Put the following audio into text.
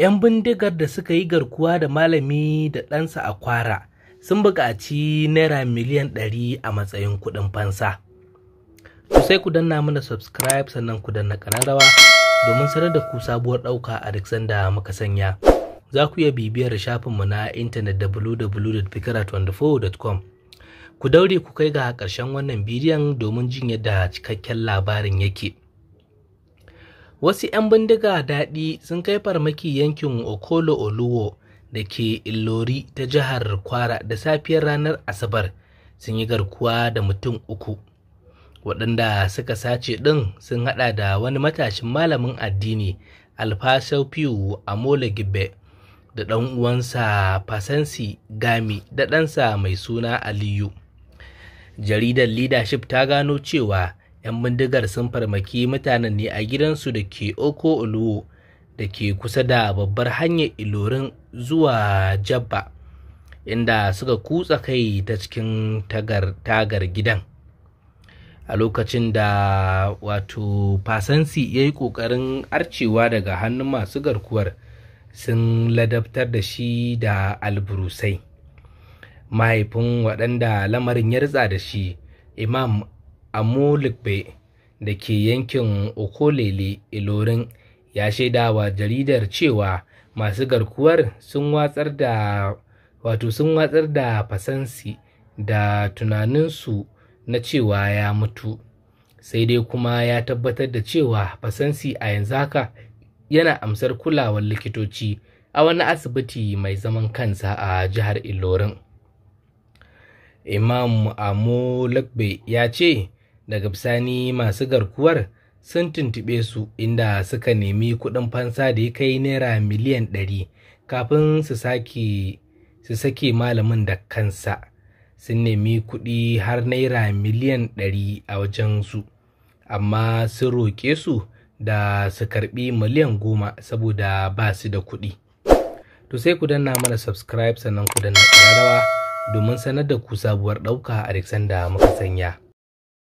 'yan bindigar da suka yi garkuwa da malami da ɗansa a kwara sun buƙaci naira miliyan ɗari a matsayin kuɗin fansa to sai ku danna mana subscribe sannan ku danna rawa domin sanar da ku sabuwar ɗauka a duk sanda muka sanya za ku iya bibiyar shafinmu na intanet www.fikirat24.com ku daure ku kai ga ƙarshen wannan bidiyon domin jin yadda cikakken labarin yake wasu 'yan bindiga daɗi sun kai farmaki yankin okolo oluwo da ke illori ta jihar kwara da safiyar ranar asabar sun yi garkuwa da mutum uku waɗanda suka sace ɗin sun haɗa da wani matashin malamin addini alfasau piyu a gibbe da ɗan uwansa fasansi gami da ɗansa mai suna aliyu jaridar leadership ta gano cewa 'yan bindigar sun farmaki mutanen ne a gidansu da ke oko oluwo da ke kusa da babbar hanyar ilorin zuwa jabba inda suka kutsa kai ta cikin tagar, gidan a lokacin da wato fasansi ya yi ƙoƙarin arcewa daga hannun masu garkuwar sun ladabtar da shi da alburusai mahaifin waɗanda lamarin ya da shi imam Molikbe da ke yankin Okolele, Ilorin, ya shaidawa jaridar cewa masu garkuwar sun watsar da watsar da tunaninsu na cewa ya mutu, sai dai kuma ya tabbatar da cewa fasansi a yanzu haka yana amsar kulawar likitoci a wani asibiti mai zaman kansa a jihar Ilorin. Imam Amolegbe ya ce daga bisani masu garkuwar sun tuntube su inda suka nemi kuɗin fansa da ya kai naira miliyan ɗari kafin su sake malamin da kansa sun nemi kuɗi har naira miliyan ɗari a wajen su amma sun roƙe su da su karɓi miliyan goma saboda ba su da kuɗi to sai ku danna mana subscribe sannan ku danna ƙararrawa domin sanar da ku sabuwar ɗauka alexander muka sanya